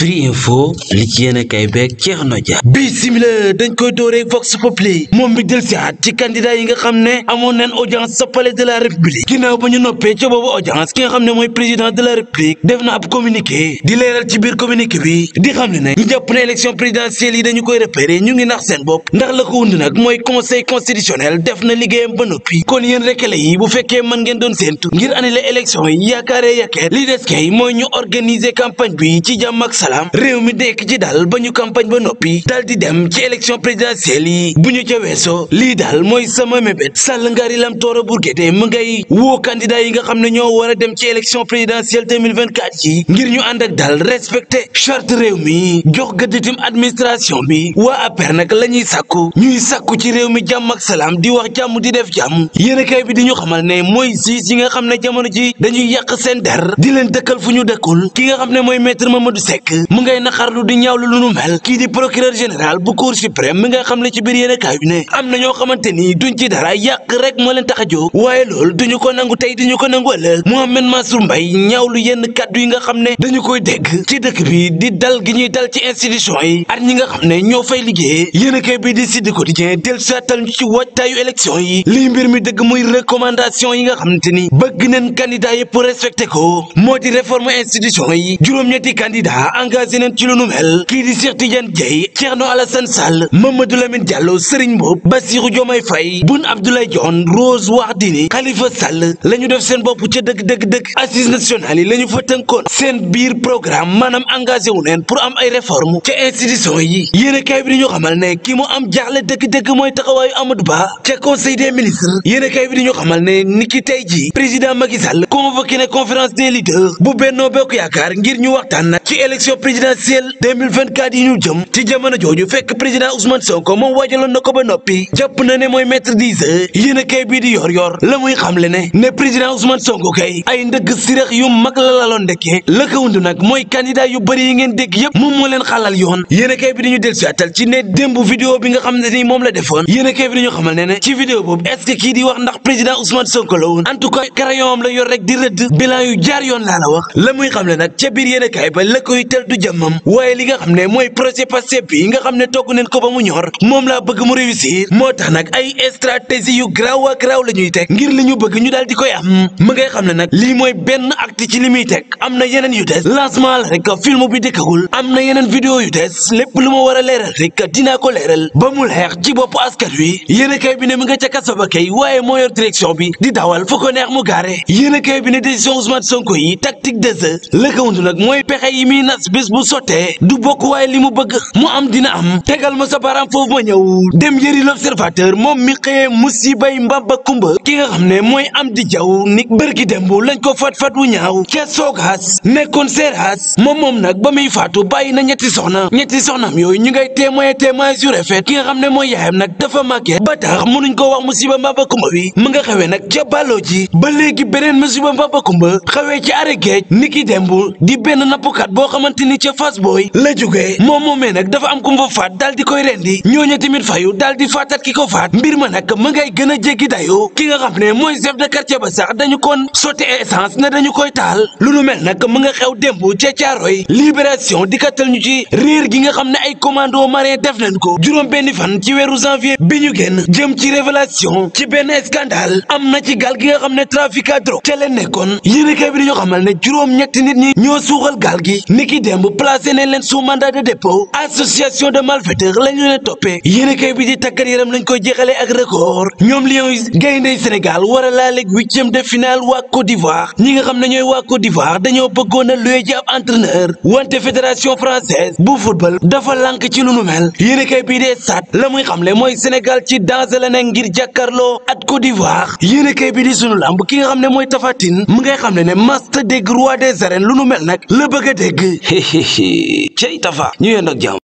Firi Info li ci a kay beeg Thierno Dia bii simila dañ koy dooree Vox Populi moom mi del si at ci candidat yi nga xam ne amoon nañ audience sa palais de la république ginnaaw ba ñu noppee ca boobu audience ki nga xam ne mooy président de la république def na ab communiqué di ci biir communiqué bi di xam ne ne ñu jàpp ne élection présidentielle dañu koy repéré ñu ngi nax seen bopp ndax la ko nag mooy conseil constitutionnel def na liggéeyam maanaam réew mi dekk ci daal ba ñu campagne ba noppi dal dem ci élection présidentielle yi bu ñu ca weesoo lii daal mooy sama mébét Sall Lam Toora Bourguete mu ngay woo candidat yi nga xam ne ñoo war a dem ci élection présidentielle 2024 yi ñu ànd ak daal respecté charte réew mi jox gëdditim bi waa a nag la ñuy sàkku ñuy sàkku ci réew mi jàmm ak salaam di wax jàmm di def jàmm yéen kay bi di ñu xamal ne mooy siis yi nga xam ne jamono ji dañuy yàq seen der mu ngay naqarlu di ñaawlu lu nu mel kii di procureur général bu cour suprême mi nga xam ne ci biir yéen kaay bi ne am na ñoo xamante ni duñ ci dara yàq rek moo leen tax a jóg waaye loolu duñu ko nangu tey duñu ko nangu ëllëg Mohamed Mansour Mbaye ñaawlu yenn kàddu yi nga xam ne dañu koy dégg ci dëkk bi di dal gi ñuy dal ci institution yi at ñi nga xam ne ñoo fay liggéey yéen kaay bi di Sud Quotidien del saatal ñu ci waajtaayu élection yi lii mbir mi dëgg muy recommandation yi nga xamante ni bëgg neen candidat yëpp respecté ko moo di réforme institution yi juróom-ñetti candidat engagé neen ci lu nu mel kii di Cheikh Tidiane Dieye Thierno Alassane Sall Mamadou Lamine Diallo Serigne Mboup Bassirou Diomaye Rose Wardini Khalifa Sall la ñu def seen bopp ca dëgg dëgg dëgg assises nationales yi la ñu fa tënkoon seen biir programme maanaam engagé wu neen pour am ay réforme ca institution yi yéene kay bi di ñu xamal ne ki mu am jaaxle dëgg-dëgg mooy taxawaayu Amadou Ba ca conseil des ministres kay bi di ñu xamal ne niki ji président Macky Sall convoqué présidentielle 2024 yi ñu jëm ci jamono jooju fekk président Ousmane Sonko moom waajaloon na ko noppi jàpp na mooy maître dix heures kay bii yor yor la muy xamle ne ne président Sonko kay ay ndëgg sirax yu mag la laloon ndekkee la ko mooy candidat yu bëri yi ngeen dégg yëpp moom moo xalal yoon yéen kay bi di ñu del siatal ci ne démb vidéo bi nga xam ne ni moom la defoon yéen kay bi di ñu xamal ci vidéo boobu est-ce wax ndax du jëmmam waaye li nga xam ne mooy projet Pastef bi nga xam ne togg neen ko ba mu ñor moom laa bëgg mu réussir moo tax nag ay stratégie yu garaaw a garaaw la ñuy ngir li ñu bëgg ñu daal di koy am ma xam ne nag li mooy benn acte ci li muy teg am na yeneen yu des lancement la rek film bi dëkkagul am na yeneen vidéo yu des lépp lu ma war a leeral rek dinaa ko leeral ba mu leex ci bopp askan wi yéen a kay bi ne mi nga ca kaso ba kay waaye moo yor direction bi di dawal fu ko neex mu gaare bis bu sottee du bokk waaye li mu bëgg mu am dina am tegal ma sa baaraam foofu ma ñëw dem yëri l'observateur moom mi xëyee musibay mbamba kumba ki nga xam ne mooy am di jaw ni bërki demb lañ ko fat-fat wu ñaaw ca soogaas nekkoon seeraas moom moom nag ba muy faatu bàyyi na ñetti soxna ñetti soxnaam yooyu ñu ngay témoin témoin sur fet ki nga xam ne mooy yaayam nag dafa màggee ba tax mënuñ ko wax musiba mbamba kumba wi mu nga xewee nag ca bàlloo ji ba léegi beneen musiba mbamba kumba xawee ci are géej ki demb di benn nappukat boo xamante xamante ni ca fas booy la jógee moom moomee dafa am ku fa faat daal di koy rendi ñooñu tamit fayu daal di faataat ki ko faat mbir ma nag ma ngay gën a dayoo ki nga xam ne mooy chef de quartier ba sax dañu koon sotti essence ne dañu koy taal lu nu mel nag mu nga xew démb ca caaroy libération di kattal ñu ci réer gi nga xam ne ay commando marin def nañ ko juróom benn fan ci weeru janvier bi ñu génn jëm ci révélation ci benn scandale am na ci gaal gi nga xam ne trafic à drogue ca leen nekkoon yéen xamal ne juróom ñetti nit ñi ñoo suuxal gaal gi démb placé nañ leen sous mandat de dépôt association de malfaiteurs la ñu leen toppee yéen kay bi di tàggat yaram lañ koy jeexalee ak record ñoom Lions yi gayndey Sénégal war a laaleeg huitième de finale waa Côte d'Ivoire ñi nga xam ne ñooy waa Côte d'Ivoire dañoo bëggoon a luye ji ab entraîneur wante fédération française bu football dafa lànk ci lu nu mel yéen kay bii dee sat la xam le mooy Sénégal ci danger la ne ngir jàkkaarloo at Côte d'Ivoire yéen kay bi di sunu ki nga xam ne mooy Tapha Tine mu ngay xam ne ne master des rois des arènes lu nu mel nag la bëgg cey tafa ñu yendoog jàmm